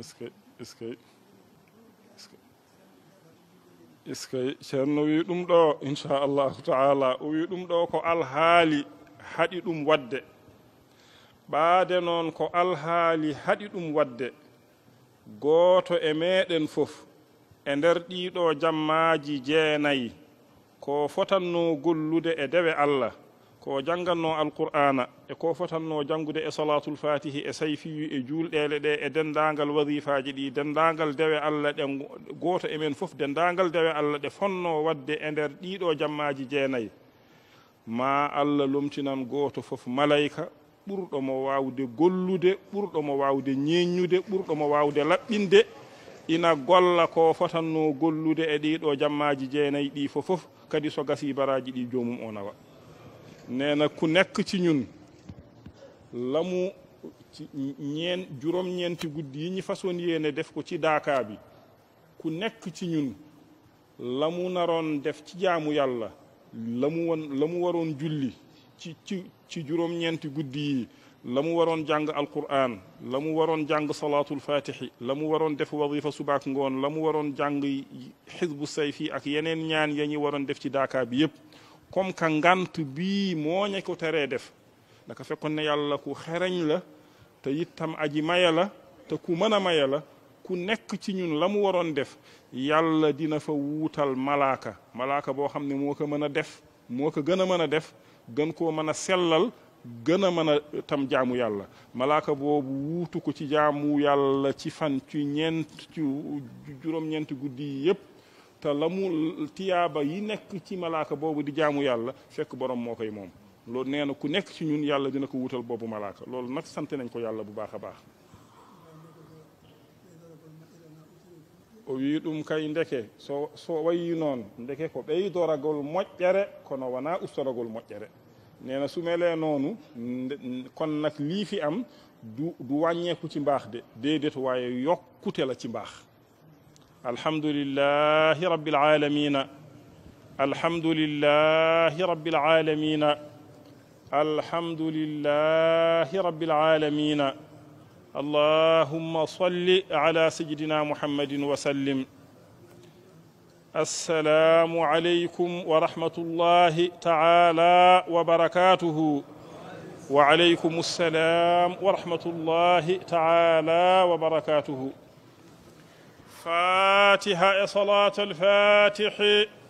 eskey eskey eskey ceerno wi ɗum ɗo inchallahu taala o wi ɗum ɗo ko alhaali haɗi ɗum waɗde ɓaade noon ko alhaali haɗi ɗum waɗde gooto e meeɗen fof e nder ɗiɗo jammaaji jeenayi ko fotannoo gollude e dewe allah ko janganno alqur'ana e ko fotanno jangude e salatul fatihi e sayfiyu e julɗele ɗe e dendagal wadifaji ɗi dendagal dewe allah ɗe goto emen foof dendagal dewe allah ɗe fonno wadde e nder ɗiɗo jammaji jeenayyi ma allah lomtinan goto foof malayka ɓurɗo mo wawde gollude ɓurɗo mo wawde ñeññude ɓurɗo mo wawde laɓɓinde ina golla ko fotanno gollude e ɗiɗo jammaji jeenayyi ɗi fofoof kadi so gasi baraji ɗi jomum o nawa nee na ku nekk ci ñun la mu ci ñeen juróom-ñeenti guddi yi ñu fasoon yéene def ko ci daakaa bi ku nekk ci ñun la mu naroon def ci jaamu yàlla la mu woon la mu waroon julli ci ci ci juróom-ñeenti guddi yi la mu waroon jàng alquran la mu waroon jàng salaatul fatixi la mu waroon def wadifa subaak ngoon la mu waroon jàng xisbu sayfi ak yeneen ñaan ya ñu waroon def ci daakaa bi yépp comme que ngant bii moo ña def ndaka fekkoon ne yàlla ku xereñ la te itam aji maya la te ku mën a maya la ku nekk ci ñun la mu waroon def yàlla dina fa wuutal malaaka malaaka boo xam ne moo ko mën a def moo ko gën a mën a def gën koo mën a sellal gën a mën a tam jaamu yàlla malaaka boobu wuutu ko ci jaamu yàlla ci fan ci ñeent ci juróom-ñeenti guddi yépp te tiyaaba yi nekk ci malaaka boobu di jaamu yàlla fekk borom moo koy moom loolu nee na ku nekk ci ñun yàlla dina ko wutal boobu malaaka loolu nag sant nañ ko yàlla bu baax a baax o wii ɗum kay ndeke so so wayi noon ndeke ko ɓeydoragol moƴƴere kono wona ustoragol moƴƴere nena sumele noonu kon nag lii fi am du du wàññeeku ci mbaax de déedéet waaye yokkute la ci mbaax الحمد لله رب العالمين الحمد لله رب العالمين الحمد لله رب العالمين اللهم صل على سيدنا محمد وسلم السلام عليكم ورحمه الله تعالى وبركاته وعليكم السلام ورحمه الله تعالى وبركاته الفاتحة صلاة الفاتح